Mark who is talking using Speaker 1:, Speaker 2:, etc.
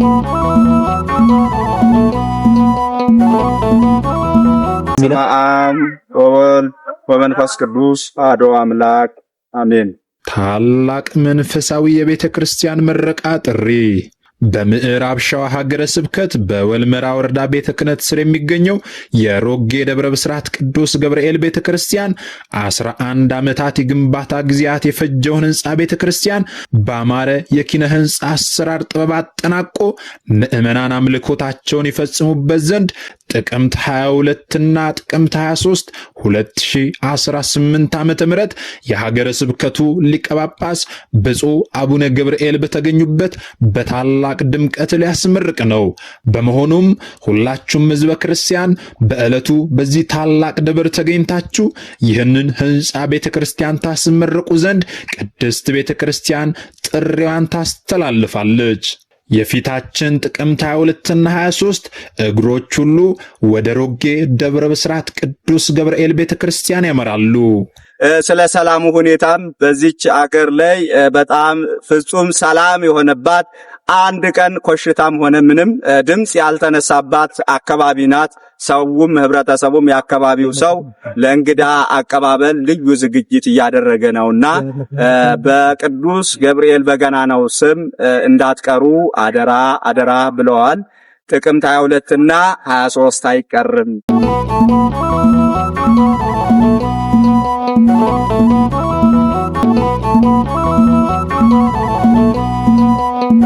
Speaker 1: በስመ አብ ወወልድ ወመንፈስ ቅዱስ አሐዱ አምላክ አሜን።
Speaker 2: ታላቅ መንፈሳዊ የቤተ ክርስቲያን ምረቃ ጥሪ በምዕራብ ሸዋ ሀገረ ስብከት በወልመራ ወረዳ ቤተ ክህነት ስር የሚገኘው የሮጌ ደብረ ብስራት ቅዱስ ገብርኤል ቤተ ክርስቲያን 11 ዓመታት የግንባታ ጊዜያት የፈጀውን ህንፃ ቤተ ክርስቲያን በአማረ የኪነ ህንፃ አሰራር ጥበብ አጠናቆ ምዕመናን አምልኮታቸውን ይፈጽሙበት ዘንድ ጥቅምት 22ና ጥቅምት 23 2018 ዓ ም የሀገረ ስብከቱ ሊቀጳጳስ ጳጳስ ብፁዕ አቡነ ገብርኤል በተገኙበት በታላቅ ድምቀት ሊያስመርቅ ነው። በመሆኑም ሁላችሁም ህዝበ ክርስቲያን በዕለቱ በዚህ ታላቅ ደብር ተገኝታችሁ ይህንን ህንፃ ቤተ ክርስቲያን ታስመርቁ ዘንድ ቅድስት ቤተ ክርስቲያን ጥሪዋን ታስተላልፋለች። የፊታችን ጥቅምት 22 እና 23 እግሮች ሁሉ ወደ ሮጌ ደብረ ብስራት ቅዱስ ገብርኤል ቤተ ክርስቲያን ያመራሉ።
Speaker 1: ስለ ሰላሙ ሁኔታም በዚች አገር ላይ በጣም ፍጹም ሰላም የሆነባት አንድ ቀን ኮሽታም ሆነ ምንም ድምፅ ያልተነሳባት አካባቢ ናት። ሰውም ህብረተሰቡም የአካባቢው ሰው ለእንግዳ አቀባበል ልዩ ዝግጅት እያደረገ ነውና በቅዱስ ገብርኤል በገናናው ስም እንዳትቀሩ አደራ አደራ ብለዋል። ጥቅምት 22 እና 23 አይቀርም።